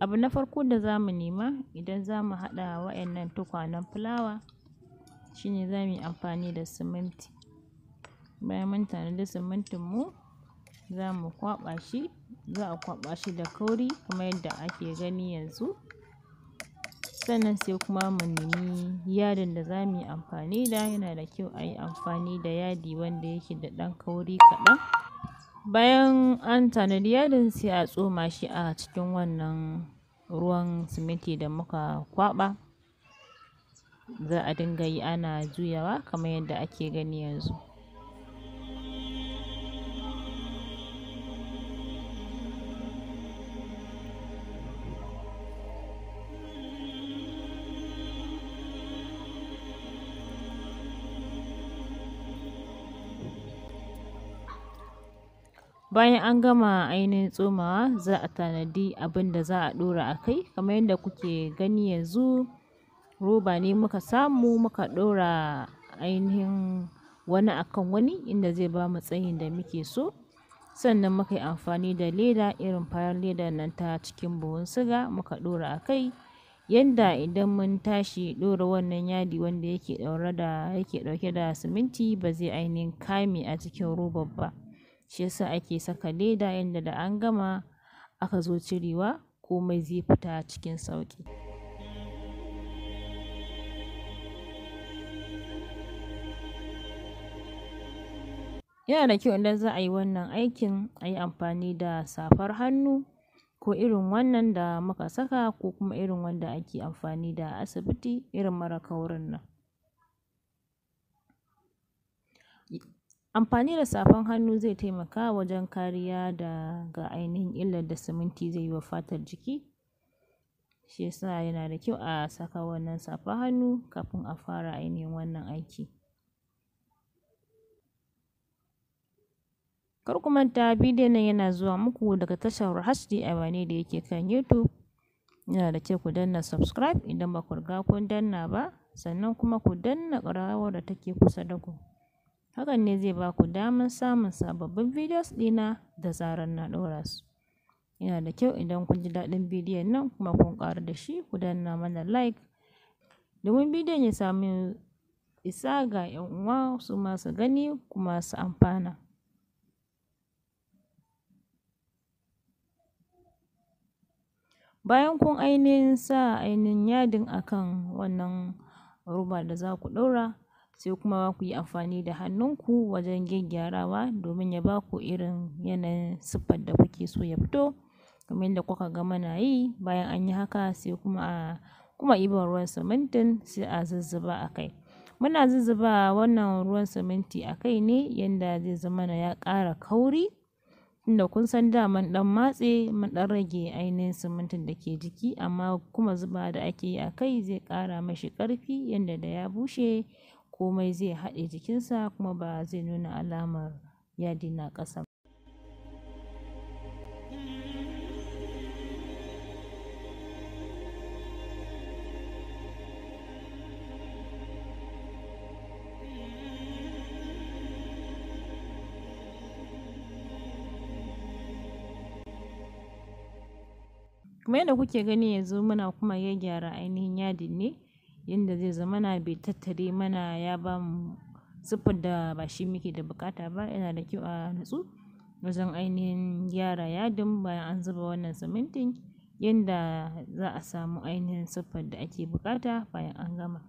Abu na farko da za mu nema idan za mu haɗa wa'yannan tukwanen fulawa shine za mu yi amfani da siminti. Bayan mun tanadi simintin mu za mu kwaɓa shi, za a kwaɓa shi da kauri kamar yadda ake gani yanzu. Sannan sai kuma mu nemi yadin da za mu yi amfani da, yana da kyau a yi amfani da yadi wanda yake da ɗan kauri kaɗan. Bayan an tanadi yadin sai a tsoma shi a cikin wannan ruwan siminti da muka kwaba Za a dinga yi ana juyawa kamar yadda ake gani yanzu. Bayan an gama ainihin tsomawa za a tanadi abin da za a ɗora a kai kamar yadda kuke gani yanzu roba ne muka samu muka ɗora ainihin wani akan wani inda zai bamu tsayin da muke so. Sannan muka yi amfani da leda irin fayar leda nan ta cikin buhun siga muka ɗora a kai yanda idan mun tashi ɗora wannan yadi wanda yake ɗauke da siminti ba zai ainihin kame a cikin robar ba. shi yasa ake saka leda yanda da an gama aka zo cirewa ko mai zai fita cikin sauki Yana da kyau idan za a yi wannan aikin a yi amfani da safar hannu ko irin wannan da muka saka ko kuma irin wanda ake amfani da asibiti irin mara kaurin nan. Amfani da safan hannu zai taimaka wajen kariya daga ainihin illar da siminti zai yi wa fatar jiki. Shi yasa yana da kyau a saka wannan safan hannu kafin a fara ainihin wannan aiki. karkumanta manta bidiyon nan yana zuwa muku daga tashar a Abane da yake kan YouTube. Yana da kyau ku danna subscribe idan ba ku riga kun danna ba sannan kuma ku danna ƙararrawar da take kusa da ku. Hakan ne zai baku ku damar samun sababbin videos ɗina da zarar na ɗora su. Yana da kyau idan kun ji daɗin bidiyon nan kuma kun ƙara da shi ku danna mana like domin bidiyon ya samu isa ga 'yan uwa su ma gani kuma su amfana. Bayan kun ainihin sa ainihin yadin akan wannan roba da za ku ɗaura. sai kuma ku yi amfani da hannunku wajen gyaggyarawa domin ya baku irin yanayin siffar da kuke so ya fito kamar da kuka ga muna yi bayan an yi haka sai kuma a kuma ibar ruwan simintin sai a zazzaba a kai. Muna zazzaba wannan ruwan siminti a kai ne yadda zai zama na ya kara kauri inda kun san da dan ɗan matse mun ɗan rage ainihin simintin da ke jiki amma kuma zuba da ake yi a kai zai ƙara mashi karfi yadda da ya bushe komai zai haɗe jikinsa kuma ba zai nuna alamar yadi na ƙasa ba. yadda kuke gani yanzu muna kuma ya gyara ainihin yadin ne yanda zai zamana bai tattare mana ya ba mu siffar da ba shi muke da bukata ba. Yana da kyau a natsu wajen ainihin gyara yadin bayan an zuba wannan simintin yanda za a samu ainihin siffar da ake bukata bayan an gama.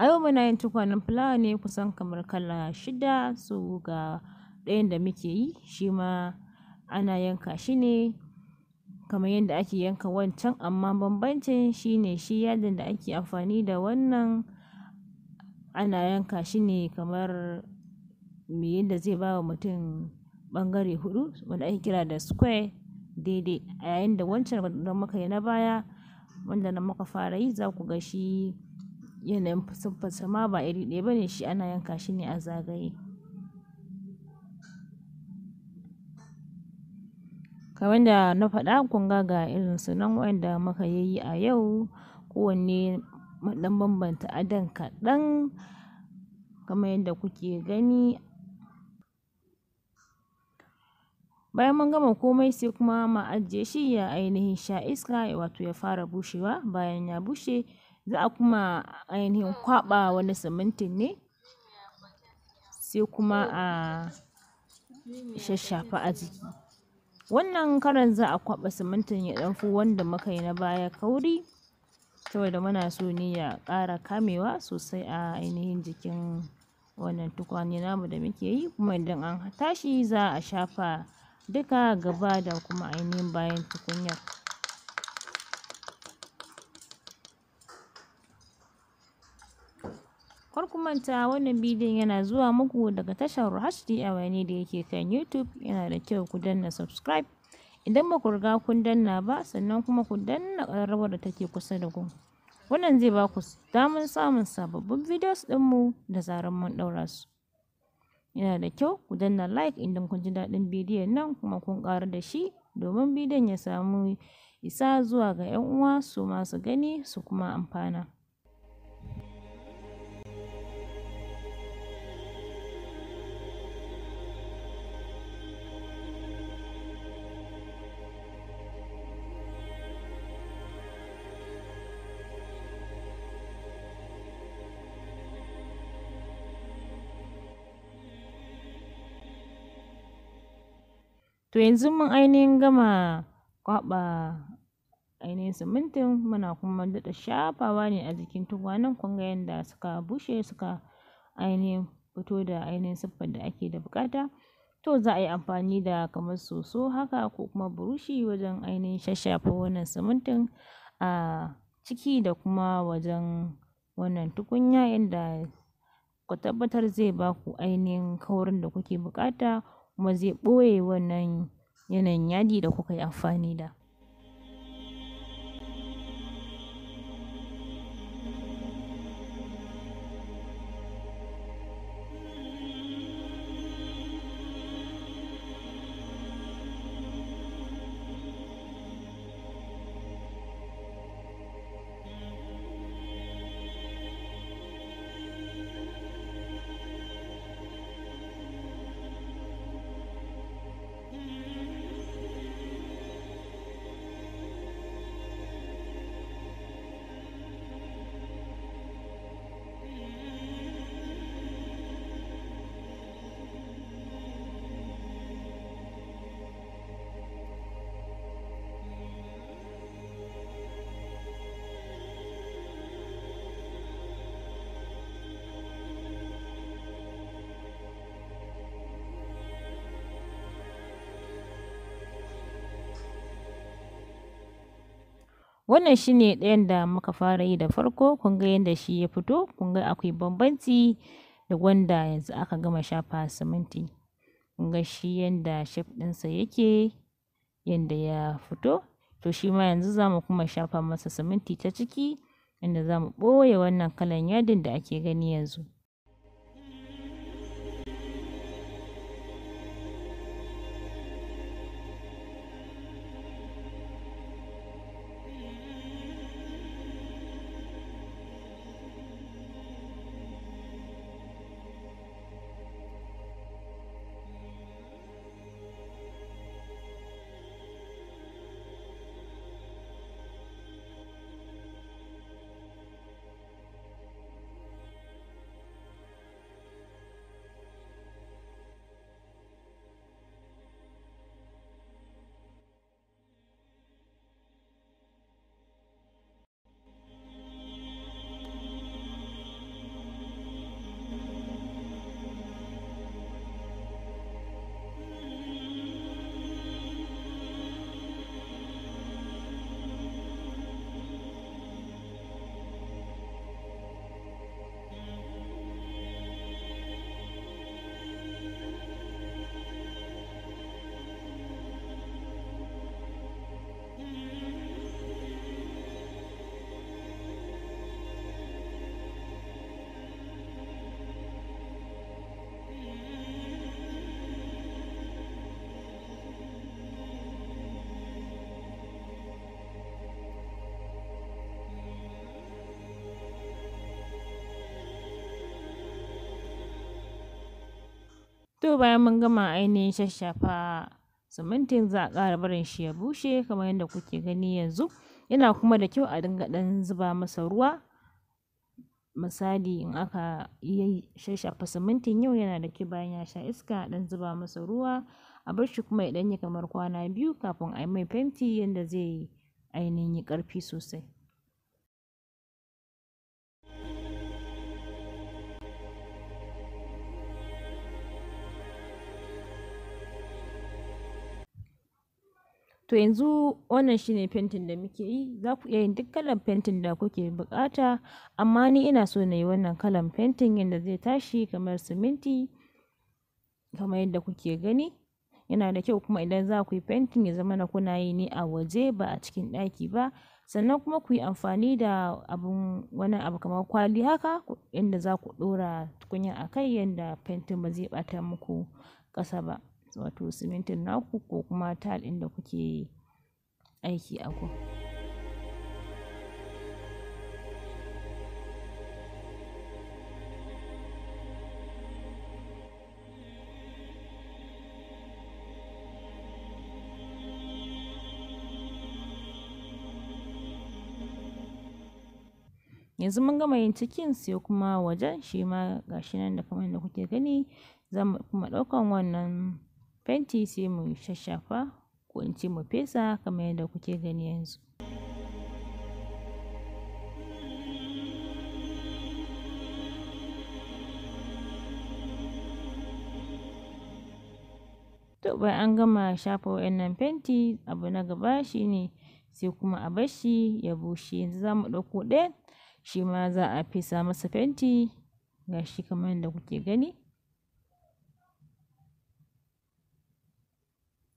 A yau muna yin tukwanen fulawa ne kusan kamar kala shida, su ga ɗayan da muke yi shi ma ana yanka shi ne kamar yadda ake yanka wancan amma bambancin ne shi yadin da ake amfani da wannan ana yanka shi ne kamar me yadda zai bawa mutum ɓangare hudu wanda ake kira da square daidai a yayin da wancan da muka yi na baya wanda na muka fara yi za ku ga shi yanayin siffarsa ma ba iri ɗaya ba ne shi ana yanka shi ne a zagaye. Kamar da na faɗa kun ga ga irin su nan waɗanda muka yi a yau. Kowanne dan bambanta adan kaɗan kamar yadda kuke gani. Bayan mun gama komai sai kuma ma ajiye shi ya ainihin sha iska wato ya fara bushewa. Bayan ya bushe za a kuma ainihin kwaɓa wani simintin ne sai kuma a shashafa a jiki. wannan karan za a kwaɓa simintin ya ɗan wanda muka yi na baya kauri saboda muna so ne ya ƙara kamewa sosai a ainihin jikin wannan tukwane namu da muke yi kuma idan an tashi za a shafa duka gaba da kuma ainihin bayan tukunyar Kar manta wannan bidiyon yana zuwa muku daga tashar HD ne da yake kan YouTube yana da kyau ku danna subscribe idan ba ku riga kun danna ba sannan kuma ku danna ƙararrawar da take kusa da ku. Wannan zai ba ku damar samun sababbin videos mu da zarar mun ɗaura su. Yana da kyau ku danna like idan kun ji daɗin bidiyon nan kuma kun ƙara da shi domin bidiyon ya samu isa zuwa ga 'yan uwa su masu gani su kuma amfana. To yanzu mun ainihin gama kwaɓa ainihin simintin muna kuma daɗa shafawa ne a jikin tukwanen kun ga yanda suka bushe suka ainihin fito da ainihin siffar da ake da buƙata. To za a yi amfani da kamar soso haka ko kuma burushi wajen ainihin shashshafa wannan simintin a ciki da kuma wajen wannan tukunya yadda ku tabbatar zai baku ainihin kaurin da kuke buƙata. kuma zai ɓoye wannan yanayin yadi da kuka yi amfani da. Wannan shi ne ɗayan da muka fara yi da farko, kun ga yadda shi ya fito, kun akwai bambanci da wanda yanzu aka gama shafa siminti. Kun ga shi yadda shef ɗinsa yake, yadda ya fito, to shi ma yanzu za mu kuma shafa masa siminti ta ciki, inda za mu ɓoye wannan kalan yadin da ake gani yanzu. To bayan mun gama ainihin shashshafa simintin za a ƙara barin shi ya bushe kamar yadda kuke gani yanzu. Yana kuma da kyau a dinga ɗan zuba masa ruwa. Misali in aka yi shashafa simintin yau yana da kyau bayan ya sha iska a ɗan zuba masa ruwa a bar shi kuma ya ɗan kamar kwana biyu kafin a yi mai fenti yadda zai ainihin yi ƙarfi sosai. to yanzu wannan shine fentin da muke yi za ku iya yin duk kalan fentin da kuke bukata amma ni ina so na yi wannan kalan fentin yadda zai tashi kamar siminti kamar yadda kuke gani yana da kyau kuma idan za ku yi fentin ya zama na kuna yi ne a waje ba a cikin ɗaki ba sannan kuma ku yi amfani da abun wani abu kamar kwali haka yadda za ku ɗora tukunya a kai yadda fentin ba zai ɓata muku ƙasa ba wato simintin naku ko kuma tal ɗin da kuke aiki a ku yanzu mun gama yin cikin sai kuma wajen shi ma gashi nan da kamar da kuke gani zan kuma ɗaukan wannan fenti sai mu shashafa ko in ce mu fesa kamar yadda kuke gani yanzu to bayan an gama shafa wa'innan fenti abu na gaba shine sai kuma a bashi ya bushe yanzu za mu ɗauko ɗaya shi ma za a fesa masa fenti ga kamar yadda kuke gani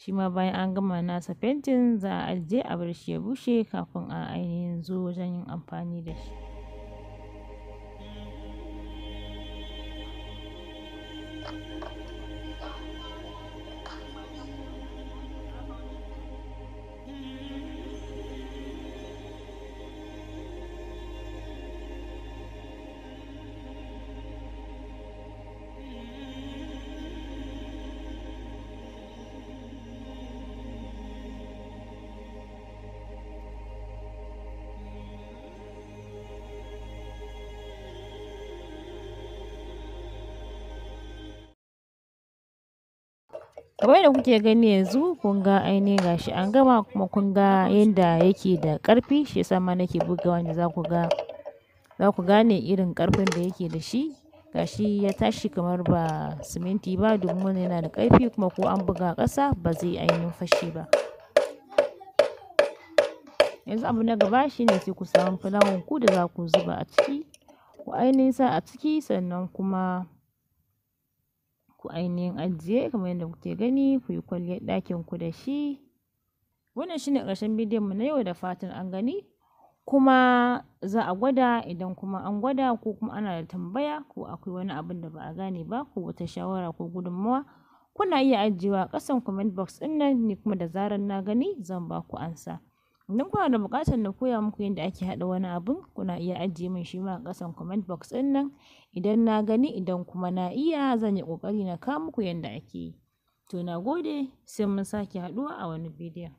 shi ma bayan an gama nasa fentin za a ajiye a bar shi ya bushe kafin a ainihin zo wajen yin amfani da shi kamar da kuke gani yanzu kun ga ainihin gashi an gama kuma kun ga yadda yake da ƙarfi shi yasa ma nake buga wanda za ku ga za gane irin ƙarfin da yake da shi gashi ya tashi kamar ba siminti ba domin yana da ƙarfi kuma ko an buga ƙasa ba zai ainihin fashe ba yanzu abu na gaba shine sai ku samu fulawan ku da za ku zuba a ciki ku ainihin sa a ciki sannan kuma ku ainihin ajiye kamar yadda kuke gani ku yi kwalliyar ɗakin ku da shi wannan shine ƙarshen bidiyon mu na yau da fatan an gani kuma za a gwada idan kuma an gwada ko kuma ana da tambaya ko akwai wani abin da ba a gane ba ko wata shawara ko gudunmawa kuna iya ajiyewa ƙasan comment box ɗin nan ni kuma da zarar na gani zan ba ku ansa Idan kuna da buƙatar na koya muku yadda ake haɗa wani abun, kuna iya ajiye min shi ma a ƙasan comment box ɗin nan. Idan na gani idan kuma na iya zan yi ƙoƙari na kawo muku yadda ake yi. To na gode sai mun sake haɗuwa a wani bidiyon.